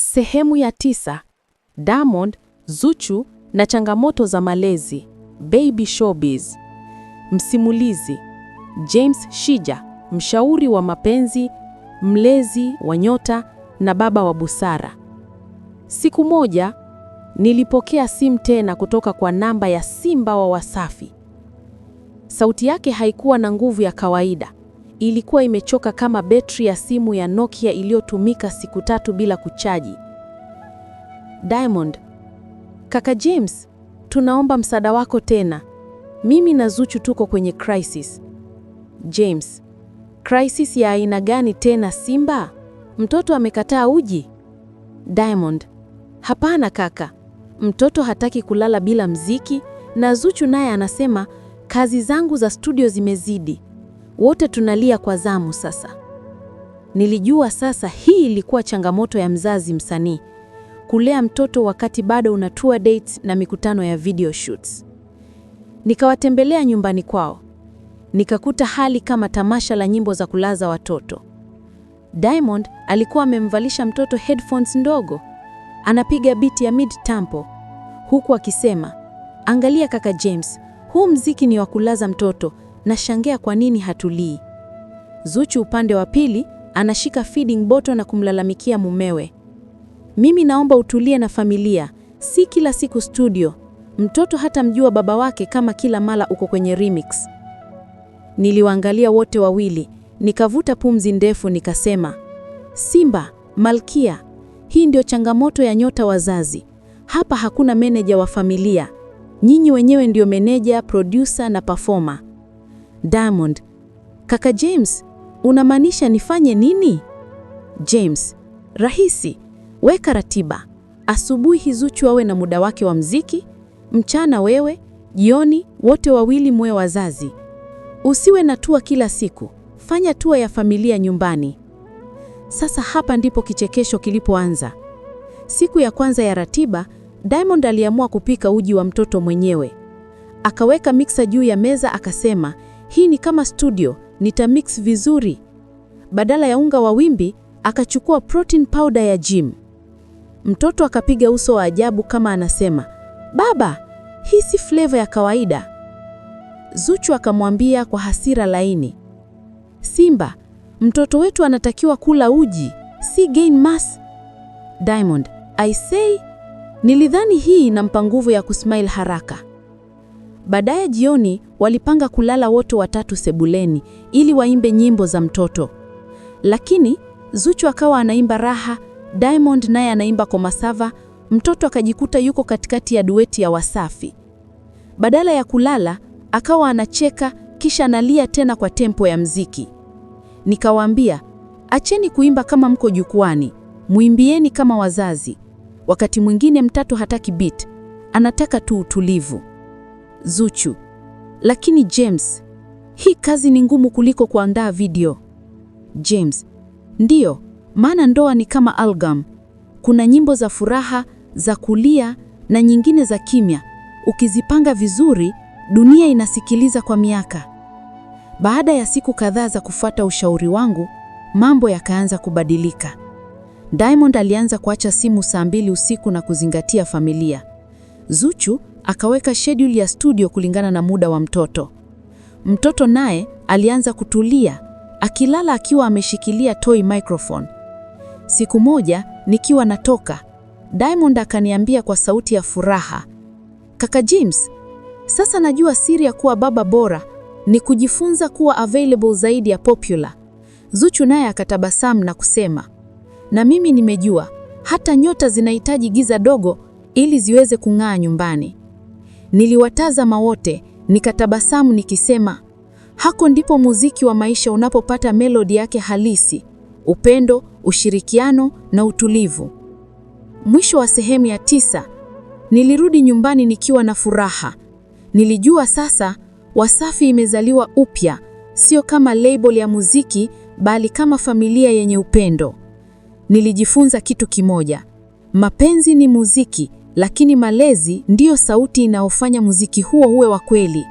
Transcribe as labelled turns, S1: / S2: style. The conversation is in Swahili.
S1: Sehemu ya tisa: Diamond, Zuchu na changamoto za malezi. Baby Showbiz. Msimulizi: James Shija, mshauri wa mapenzi, mlezi wa nyota na baba wa busara. Siku moja nilipokea simu tena kutoka kwa namba ya Simba wa Wasafi. Sauti yake haikuwa na nguvu ya kawaida, ilikuwa imechoka kama betri ya simu ya Nokia iliyotumika siku tatu bila kuchaji.
S2: Diamond: Kaka James, tunaomba msaada wako tena. Mimi na Zuchu tuko kwenye crisis. James: Crisis ya aina gani tena Simba? Mtoto amekataa uji? Diamond: Hapana kaka. Mtoto hataki kulala bila mziki na Zuchu naye anasema kazi zangu za studio zimezidi. Wote tunalia kwa zamu sasa. Nilijua sasa hii ilikuwa changamoto ya mzazi msanii, kulea mtoto wakati bado una tour dates na mikutano ya video shoots. Nikawatembelea nyumbani kwao, nikakuta hali kama tamasha la nyimbo za kulaza watoto. Diamond alikuwa amemvalisha mtoto headphones ndogo, anapiga biti ya mid tempo huku akisema, angalia kaka James, huu mziki ni wa kulaza mtoto nashangea kwa nini hatulii. Zuchu upande wa pili anashika feeding bottle na kumlalamikia mumewe, mimi naomba utulie na familia, si kila siku studio. Mtoto hata mjua baba wake kama kila mara uko kwenye remix. Niliwaangalia wote wawili nikavuta pumzi ndefu, nikasema, Simba Malkia, hii ndio changamoto ya nyota wazazi. Hapa hakuna meneja wa familia, nyinyi wenyewe ndio meneja, producer na performer.
S1: Diamond: kaka James, unamaanisha nifanye nini?
S2: James: rahisi, weka ratiba. Asubuhi hizuchu awe na muda wake wa mziki, mchana wewe, jioni wote wawili mwe wazazi. Usiwe na tua kila siku, fanya tua ya familia nyumbani. Sasa hapa ndipo kichekesho kilipoanza. Siku ya kwanza ya ratiba, Diamond aliamua kupika uji wa mtoto mwenyewe. Akaweka miksa juu ya meza, akasema hii ni kama studio, nitamix vizuri. Badala ya unga wa wimbi akachukua protein powder ya gym. Mtoto akapiga uso wa ajabu kama anasema, baba, hii si flavor ya kawaida. Zuchu akamwambia kwa hasira laini, Simba, mtoto wetu anatakiwa kula uji, si gain mass.
S1: Diamond, I say, nilidhani hii inampa nguvu ya kusmile haraka. Baadaye jioni walipanga kulala wote watatu sebuleni ili waimbe nyimbo za mtoto, lakini Zuchu akawa anaimba raha, Diamond naye anaimba komasava. Mtoto akajikuta yuko katikati ya dueti ya Wasafi. Badala ya kulala akawa anacheka kisha analia tena kwa tempo ya mziki. Nikawaambia, acheni kuimba kama mko jukwani, muimbieni kama wazazi. Wakati mwingine mtoto hataki beat, anataka tu utulivu. Zuchu. Lakini James, hii kazi ni ngumu kuliko kuandaa video.
S2: James: ndiyo, maana ndoa ni kama album. Kuna nyimbo za furaha, za kulia na nyingine za kimya. Ukizipanga vizuri, dunia inasikiliza kwa miaka. Baada ya siku kadhaa za kufuata ushauri wangu, mambo yakaanza kubadilika. Diamond alianza kuacha simu saa mbili usiku na kuzingatia familia. Zuchu akaweka schedule ya studio kulingana na muda wa mtoto. Mtoto naye alianza kutulia, akilala akiwa ameshikilia toy microphone. Siku moja nikiwa natoka, Diamond akaniambia kwa sauti ya furaha, "Kaka James, sasa najua siri ya kuwa baba bora ni kujifunza kuwa available zaidi ya popular." Zuchu naye akatabasamu na kusema, "Na mimi nimejua hata nyota zinahitaji giza dogo ili ziweze kung'aa nyumbani." Niliwatazama wote nikatabasamu nikisema, hako ndipo muziki wa maisha unapopata melodi yake halisi: upendo, ushirikiano na utulivu.
S1: Mwisho wa sehemu ya tisa. Nilirudi nyumbani nikiwa na furaha. Nilijua sasa Wasafi imezaliwa upya, sio kama label ya muziki, bali kama familia yenye upendo. Nilijifunza kitu kimoja: mapenzi ni muziki, lakini malezi ndiyo sauti inayofanya muziki huo uwe wa kweli.